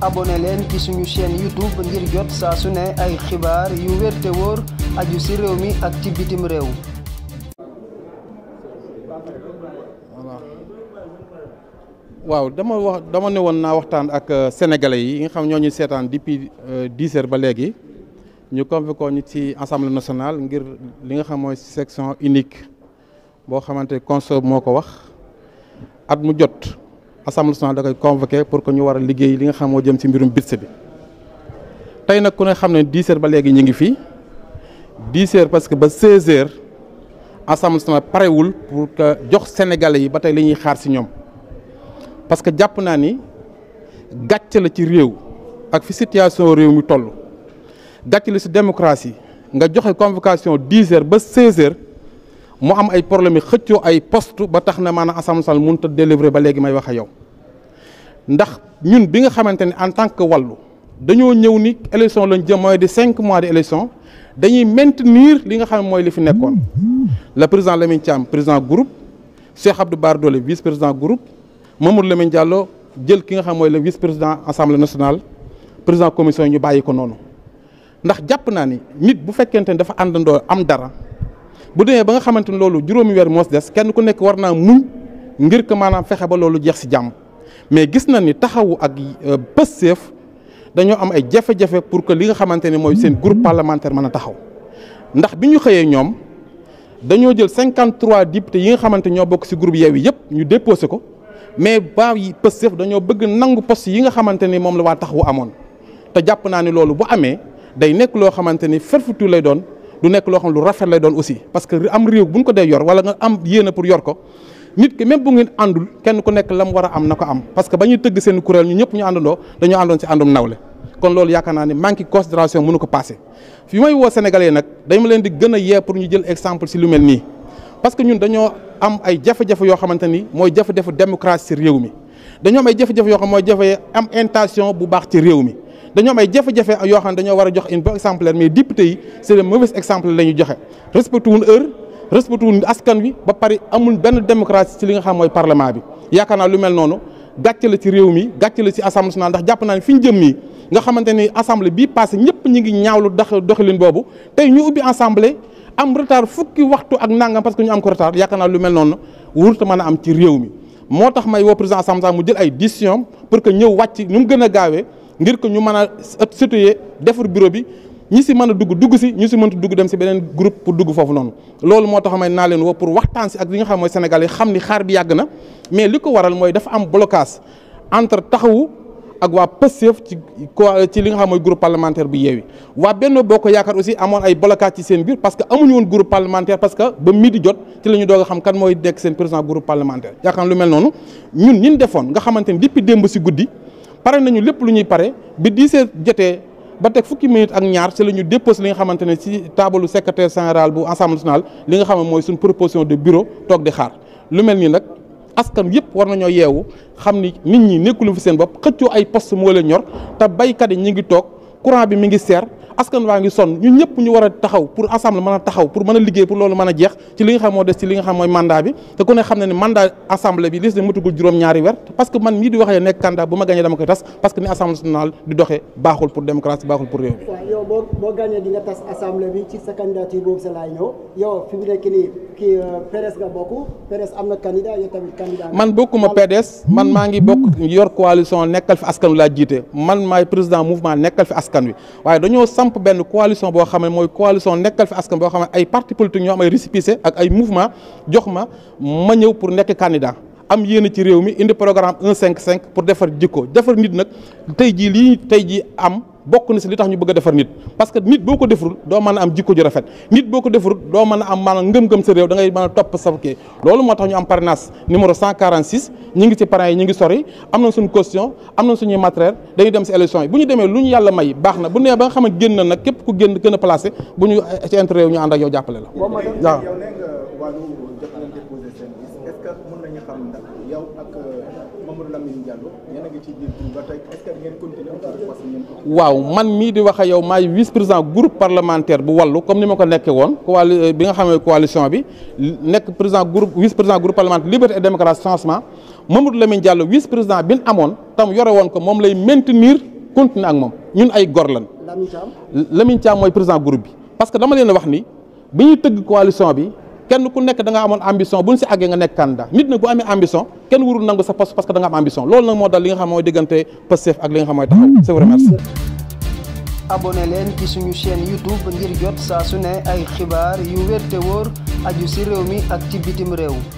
abonné leen ci suñu chaîne YouTube ngir jot saa su ne ay xibaar yu wér te wóor aju ci réew mi ak ci bitim réew. waaw dama wax dama ne woon naa waxtaan ak euh, sénégalais yi nga xam ñoo ñu seetaan depuis euh, dix heures ba léegi ñu convoqué ñu ci assemblée nationale ngir li nga xam mooy section unique boo xamante conso moo ko wax at mu jot. assemblée nationale da koy convoqué pour que ñu war a liggéey li nga xam moo jëm ci mbirum budget bi tey nag ku ne xam ne 10 heures ba léegi ñu ngi fii 10 parce que ba 16 heures assemblée nationale parewul pour que jox sénégalais yi ba tey lañuy xaar ci ñoom parce que jàpp naa ni gàcc la ci réew ak fi situation réew mi toll gàcc la ci démocratie nga joxe convocation 10 heures ba 16 heures. mu am ay problème yi xëccoo ay poste ba tax na maanaam assemblée nationale mënut a délivrer ba léegi may wax a yow ndax ñun bi nga xamante ne en tant que wàllu dañoo ñëw ni élection lañ jëm mooy di cinq mois de élection dañuy maintenir li nga xam ne mooy li fi nekkoon le président Lamine Thiam président groupe Cheikh Abdou Bara doole vice président groupe Mamadou Lamine Diallo jël ki nga xam mooy la vice président assemblée national président commission ñu bàyyi ko noonu ndax jàpp naa ni nit bu fekkente ne dafa àndandoo am dara. bu demee ba nga xamante ni loolu juróomi weer moos des kenn ku nekk war naa muñ ngir que maanaam fexe ba loolu jeex si jàmm mais gis na ni taxawu ak euh, Pastef dañoo am ay jafe-jafe pour que li nga xamante ne mooy seen groupe parlementaire mën a taxaw ndax bi ñu xëyee ñoom dañoo jël 53 députés yi nga xamante ñoo bokk si groupe Yewwi yëpp ñu déposé ko mais baa yi Pastef dañoo bëgg nangu poste yi nga xamante ni moom la waa taxawu amoon te jàpp naa ne loolu bu amee day nekk loo xamante ni ferfutu lay doon. lu nekk loo xam lu rafet lay doon aussi parce que am réew bu ñu ko dee yor wala nga am yéene pour yor ko nit ki même bu ngeen àndul kenn ku nekk la mu war a am na ko am parce que ba ñuy tëgg seen kuréel ñu ñëpp ñu doo dañoo àndoon si àndum nawle kon loolu yaakaar naa ne manque considération mënu ko passé fi may woo sénégalais nag ma leen di gën a yee pour ñu jël exemple si lu mel nii parce que ñun dañoo am ay jafe-jafe yoo xamante ni mooy jafe-jafe démocratie si réew mi dañoo am ay xam mooy jafe am intention bu ci réew mi dañoo may ay jafe-jafe xam ne dañoo war a jox une bonne exemplaire mais député yi c'est le mauvais exemple la ñu joxe respecté wuñ heure askan wi ba pare amul benn démocratie ci li nga xam mooy parlement bi yaakaar naa lu mel noonu gàcce la ci réew mi gàcce la ci assemblée nationale ndax jàpp naa ne fi ñu jëm nii nga xamante ni assemblée bii passé ñëpp ñu ngi ñaawlu dox doxalin boobu tey ñu ubbi assemblée am retard fukki waxtu ak nangam parce que ñu am ko retard yaakaar naa lu mel noonu wurta mën am ci réew mi moo tax may woo président assemblée mu jël ay décision pour que ñëw wàcc ñu mu gën a gaawee ngir ko ñu mën a situer defar bureau bi ñi si mën a dugg dugg si ñu si mënta dugg dem si beneen groupe pour dugg foofu noonu loolu moo tax may naa leen woo pour waxtaan si ak li nga xam mooy Sénégal yi xam ni xaar bi yàgg na mais li ko waral mooy dafa am blocage entre taxawu ak waa Pastef ci ci li nga xam mooy groupe parlementaire bu yeewi waa Benno Bokk Yaakaar aussi amoon ay blocage ci seen biir parce que amuñu woon groupe parlementaire parce que ba midi jot ci a mooy nekk seen président groupe yaakaar lu mel noonu ñun ñin defoon nga xamante ni depuis démb si guddi pare nañu lépp lu ñuy pare bi 10 heures jotee ba teg fukki minutes ak ñaar ci la ñu déposé li nga xamante ne ci taabalu secrétaire général bu assemblée nationale li nga xam mooy suñ proposition de bureau toog di xaar lu mel nii nag askan yëpp war nañoo yeewu xam ni nit ñi nekkulu fi seen bopp xëccoo ay poste moo leen ñor te baykat yi ñu ngi toog. courant bi mi ngi seer askan waa ngi sonn ñun ñëpp ñu war a taxaw pour assemblée mën a taxaw pour mën a liggéey pour loolu mën a jeex ci li nga xam moo des ci li nga xam mandat bi te ku ne xam ne ne mandat assemblée bi man na candidat yow tamit candidat man bokkuma PDS man maa ngi bokk yor coalition nekkal fi askan laa jiite man maay président mouvement nekkal fi askan wi waaye dañoo samp benn coalition boo xam ne mooy coalition nekkal fi askan boo xam ne ay parti politique ñoo am ay récépissé ak ay mouvement jox ma ma ñëw pour nekk candidat am yéen ci réew mi indi programme 155 pour defar jikko defar nit nag tey jii lii tey jii am. bokk na si li tax ñu bëgg a defar nit parce que nit boo ko defarul doo mën a am jikko ju rafet nit boo ko defarul a am maanaam ngëm-ngëm sa réew da ngay mën a topp sa kii loolu moo tax ñu am parrainage numéro 146 ñu ngi ci parrain yi ñu ngi sori am nañ suñu caution am nañ suñuy matériel dañuy dem si élection yi bu ñu demee lu ñu yàlla may baax na bu nee ba nga xam ne génn na nag képp ku génn gën a placé bu ñu ci intérêt ñu ànd ak yow jàppale la Mamadou Lamine Diallo yéen waaw man mii di wax ak yow maay vice président groupe parlementaire bu wàllu comme ni ma ko nekkee woon coali euh, bi nga xamee coalition bi nekk président groupe vice président groupe parlementaire liberté et démocratie changement Mamadou Lamine Diallo vice président bi ñu amoon tam yore woon ko moom lay maintenir continuer ak moom ñun ay gor lan Lamine Thiam mooy président groupe bi parce que dama leen wax ni bi ñuy tëgg coalition bi. kenn ku nekk danga nga amoon ambition bu ñu si àggee nga nekk candidat nit nag bu amee ambition kenn warul nangu sa poste parce que da nga am ambition loolu nag moo dal li nga xam mooy diggante Pastef ak li nga xam mooy taxaw leen ci suñu chaîne YouTube ngir jot saa su ne ay xibaar yu wér te wóor aju si réew mi ak ci bitim réew